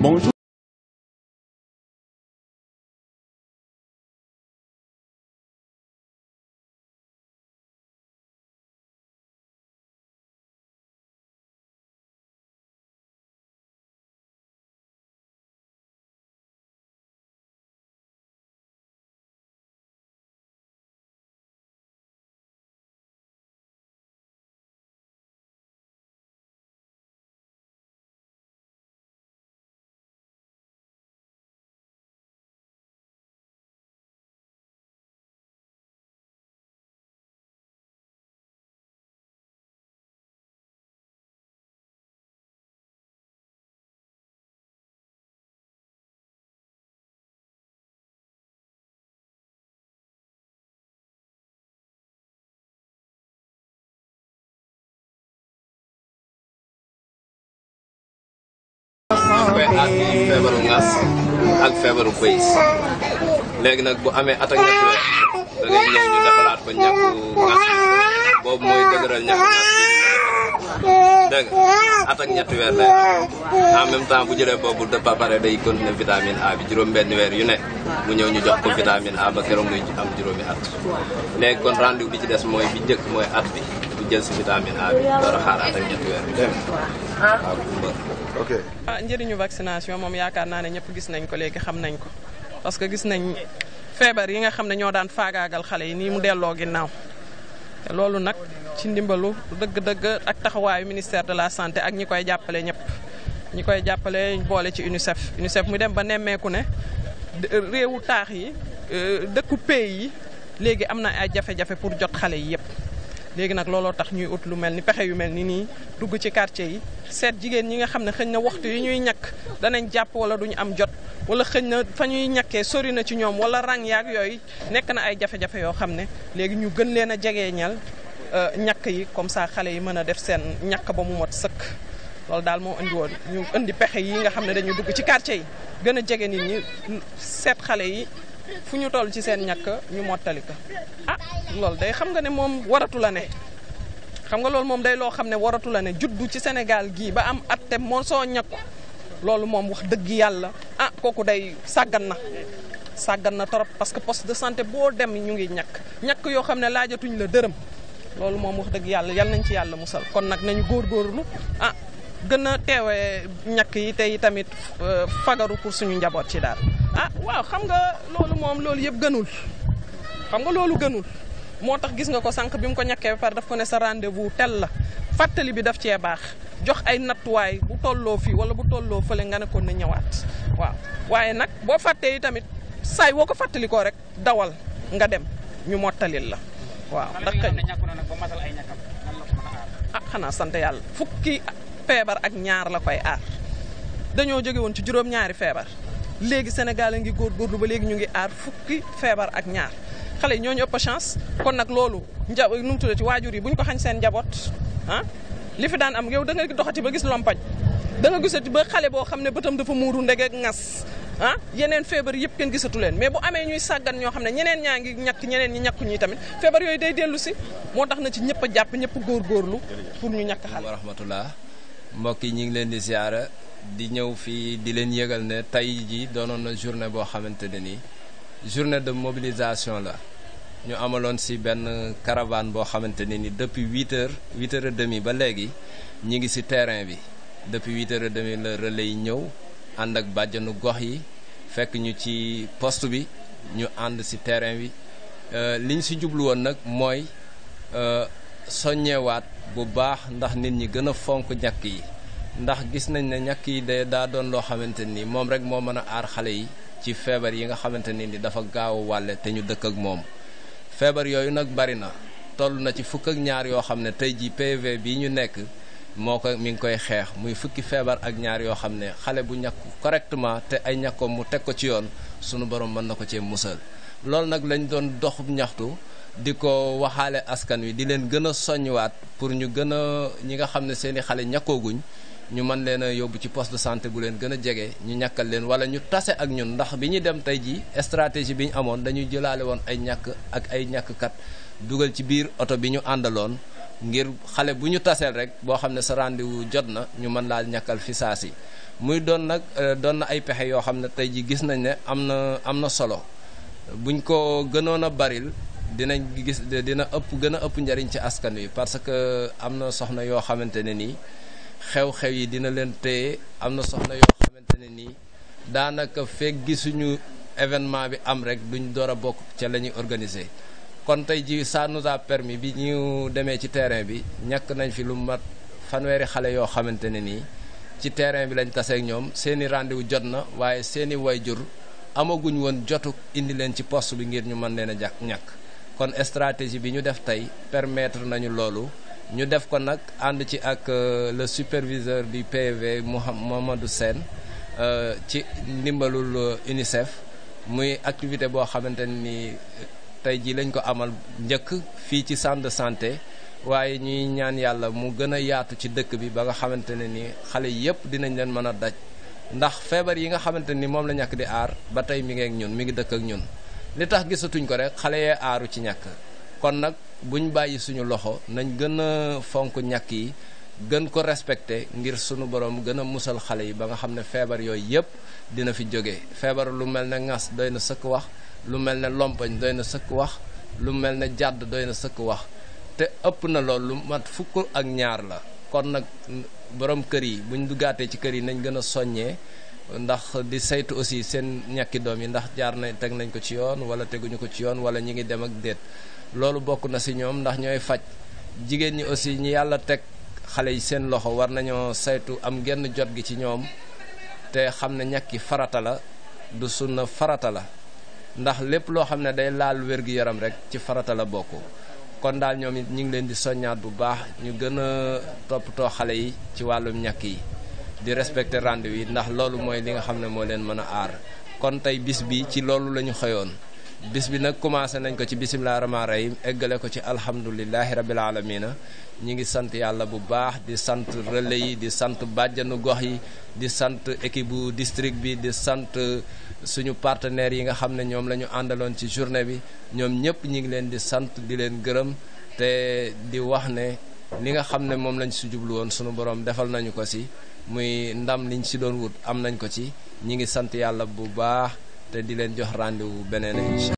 Bom ak feebaru ngas ak feebaru bëy léegi nag bu amee at ak da ngay ñëw ñu defalaat ko ñàkku ngas boobu mooy dëgëral ñàkku ngas dégg at ak ñetti en même temps bu ba day vitamine A bi juróom benn weer yu ne mu ñu jox ko vitamine A ba keroog muy am juróomi at léegi kon rendez-vous bi ci des mooy bi at bi jël si vitamine A bi dara xaaraat ak ñetti weer bi dem waaw ok ah njëriñu vaccination moom yaakaar naa ne ñëpp gis nañ ko léegi xam nañ ko parce que gis nañ feebar yi nga xam ne ñoo daan faagaagal xale yi nii mu delloo ginnaaw te loolu nag ci ndimbalu dëgg-dëgg ak taxawaayu ministère de la santé ak ñi koy jàppale ñëpp ñi koy jàppale boole ci UNICEF UNICEF mu dem ba nemmeeku ne réewu taax yi euh, dëkku pays yi léegi am na ay jafe-jafe pour jot xale yi yëpp léegi nag looloo tax ñuy ut lu mel ni pexe yu mel ni nii dugg ci quartier yi seet jigéen ñi nga xam ne xëñ na waxtu yi ñuy ñàkk danañ jàpp wala duñu am jot wala xëñ na fa ñuy ñàkkee sori na ci ñoom wala rang yaag yooyu nekk na ay jafe-jafe yoo xam ne léegi ñu gën leen a jegeeñal euh, ñàkk yi comme ça xale yi mën a def seen ñàkk ba mu mot sëkk loolu daal moo indi woon ñu indi pexe yi nga xam ne dañu dugg ci quartier yi gën a jege nit ñi seet xale yi fu ñu toll ci seen ñakk ñu mottali ko ah loolu day xam nga ne moom waratu la ne xam nga loolu moom day loo xam ne waratu la ne juddu ci Sénégal gii ba am at te soo ñakk loolu moom wax dëgg yàlla ah kooku day sàggan na sàggan na trop parce que poste de santé boo dem ñu ngi ñàkk ñàkk yoo xam ne laajatuñ la dërëm loolu moom wax dëgg yàlla yal nañ ci yàlla musal kon nag nañu góor góorgóorlu ah gën a teewee ñàkk yi tey tamit euh, fagaru pour suñu njaboot ci daal ah waaw xam nga loolu moom loolu yëpp gënul xam nga loolu gënul moo tax gis nga ko sànq bi mu ko ñàkkee par daf ko ne sa rendez-vous tel la fàttali bi daf cee baax jox ay nattuwaay bu tolloo fii wala bu tolloo fële nga ne ko na ñëwaat waaw waaye nag boo fàttee yi tamit saay woo ko fàttali koo rek dawal nga dem ñu mottalil la waaw ndax kañ ah xanaa sant yàlla fukki feebar ak ñaar la koy aar dañoo jóge woon ci juróom-ñaari feebar léegi Sénégal a gur góorgóorlu ba léegi ñu ngi aar fukki feebar ak ñaar xale yi ñooñu ëpp chance kon nag loolu nja nu mu tuddati waajur yi bu ko xañ seen njaboot ah li fi daan am yow da nga doxati ba gis lompañ da nga gisati ba xale boo ngas ah Yenen feebar yep kenn gisatu leen mais bu amee ñuy sàggan ñoo xam ne ñeneen ñaa ngi ñàkk ñeneen ñi ñàkku ñi tamit feebar gur day pun si moo na ci pour ñu rahmatullah mbokk yi ñu ngi leen di ziara di ñëw fii di leen yëgal ne tey ji doonoon na journée boo xamante ne nii journée de mobilisation la ñu amaloon ci benn caravane boo xamante ne ni depuis huit heures huit heures ba léegi ñu ngi ci terrain bi depuis huit heures demi demie la relais yi ñëw ànd ak bàjjanu gox yi fekk ñu ci poste bi ñu ànd ci terrain bi li ñu ci jublu woon nag mooy euh, soññewaat. bu baax ndax nit ñi gën a fonk ñàkk yi ndax gis nañ ne ñàkk yi de daa doon loo xamante ni moom rek moo mën a aar xale yi ci feebar yi nga xamante ne ni dafa gaaw a wàlle te ñu dëkk ak moom feebar yooyu nag bari na toll na ci fukk ak ñaar yoo xam ne tey jii PV bii ñu nekk moo ko mi ngi koy xeex muy fukki feebar ak ñaar yoo xam ne xale bu ñàkku correctement te ay ñàkkoom mu teg ko ci yoon sunu borom mën na ko cee musal loolu nag lañ doon doxub ñaxtu di ko waxaale askan wi di leen gën a soññiwaat pour ñu gën a ñi nga xam ne seen i xale ñàkkooguñ ñu mën leen a yóbbu ci poste de santé bu leen gën a jege ñu ñàkkal leen wala ñu tase ak ñun ndax bi ñuy dem tey jii stratégie bi ñu amoon dañuy jëlaale woon ay ñàkk ak ay ñàkkkat dugal ci biir oto bi ñu àndaloon ngir xale bu ñu taseel rek boo xam ne sa rendez jot na ñu mën laa ñàkkal fi saa si muy doon nag euh, doon na ay pexe yoo xam ne tey ji gis nañ ne am na am na solo buñ ko gënoon a baril dinañ gis dina ëpp gën a ëpp njariñ ci askan wi parce que am na soxna yoo xamante ne nii xew-xew yi dina leen téye am na soxna yoo xamante ne nii daanaka fekk gisuñu événement bi am rek duñ door a bokk ca la ñuy organiser kon tey ji ça nous permis bi ñu demee ci terrain bi ñàkk nañ fi lu mat fanweeri xale yoo xamante ne nii ci terrain bi lañ taseeg ñoom seeni rendez-vous jot na waaye seeni wayjur amaguñ woon jotu indi leen ci post bi ngir ñu mën leen a jàkk ñàkk kon stratégie bi ñu def tey permettre nañu loolu ñu def ko nag ànd ci ak euh, le superviseur du PV Mouhamadou Sène euh, ci ndimbalul euh, UNICEF muy activité boo xamante ni tey jii lañ ko amal njëkk fii ci centre de santé waaye ñuy ñaan yàlla mu gën a yaatu ci dëkk bi ba nga xamante ne ni xale yépp dinañ leen mën a daj ndax feebar yi nga xamante ni moom la ñàkk di aar ba tey mi ngi ak ñun mi ngi dëkk ak ñun li tax gisatuñ ko rek xale yee aaru ci ñàkk kon nag buñ bàyyi suñu loxo nañ gën a fonk ñàkk yi gën ko respecté ngir sunu borom gën a musal xale yi ba nga xam ne feebar yooyu yépp dina fi jóge feebar lu mel ne ŋas doy na sëkk wax lu mel ne lompoñ doy na sëkk wax lu mel ne jàdd doy na sëkk wax te ëpp na loolu mat fukk ak ñaar la kon nag borom kër yi buñ duggaatee ci kër yi nañ gën a soññee ndax di saytu aussi seen ñàkki doom yi ndax jaar na teg nañ ko ci yoon wala teguñu ko ci yoon wala ñi ngi dem ak déet loolu bokk na si ñoom ndax ñooy faj jigéen ñi aussi ñi yàlla teg xale yi seen loxo war nañoo saytu am genn jot gi ci ñoom te xam ne ñàkki farata la du sunna farata la ndax lépp loo xam ne day laal wér-gi-yaram rek ci farata la bokk kon daal ñoom it ñu ngi leen di soññaat bu baax ñu gën a toppatoo xale yi ci wàllum ñàkk yi di respecter rendez-vous ndax loolu mooy li nga xam ne moo leen mën a aar kon tey bis bi ci loolu la ñu xëyoon bis bi nag commencé nañ ko ci bisimilah rahmaani rahim eggale ko ci alhamdulilahi rabil alamina ñi ngi sant yàlla bu baax di sant relais yi di sant bàjjanu gox yi di sant équipe bu district bi di sant suñu partenaires yi nga xam ne ñoom la ñu àndaloon ci journée bi ñoom ñëpp ñi ngi leen di sant di leen gërëm te di wax ne li nga xam ne moom lañ si jublu woon suñu borom defal nañu ko si muy ndam liñ si doon wut am nañ ko ci ñi ngi sant yàlla bu baax te di leen jox rendez-vous beneen incha